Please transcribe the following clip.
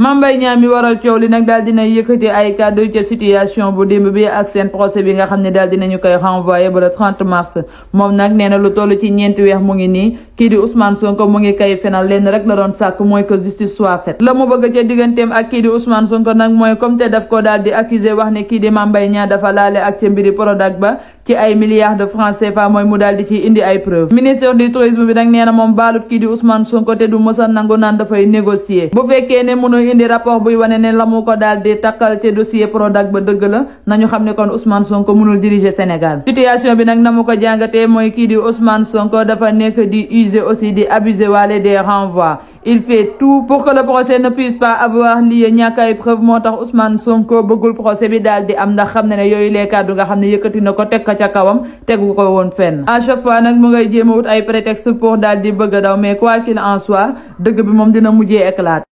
mambay ñaam mi waral coow li nag daal dina yëkkati ay kàddu ca situation bu démb bi ak seen procès bi nga xam ne daal dinañu koy renvoyé ba le 30 mars moom nag nee lu toll ci ñeenti weex mu ngi nii kii di Ousmane Sonko mu ngi koy fenal lenn rek la doon sàkk mooy que justice soit faite la mu bëgg ca digganteem ak kii di Ousmane Sonko nag mooy comme te daf ko daal di accusé wax ne kii di mambay ñaa dafa laale ak ca mbiri Prodac ba ci ay milliards de francs CFA mooy mu daal di ci indi ay preuve ministère du tourisme bi nag nee moom baalut kii di Ousmane Sonko te du mësa nangu naan dafay négocier bu fekkee ne mënul indi rapport buy wane ne la ko daal takkal ci dossier Prodac ba dëgg la nañu xam ne kon Ousmane Sonko mënul diriger Sénégal situation bi nag na mu ko jàngatee mooy kii di Ousmane Sonko dafa nekk di user aussi di abuser waale des renvois il fait tout pour que le procès ne puisse pas avoir lieu ñàkk ay preuve moo tax Ousmane Sonko beugul procès bi daldi am na xam ne yoy yooyu les kàddu nga xam yëkëti nako na ko ca kawam tegu ko fenn à chaque fois nak mu ngay jéem a wut ay prétexte pour daldi bëgg daw mais quoi qu'il en soit deug bi mom dina mujjé éclat.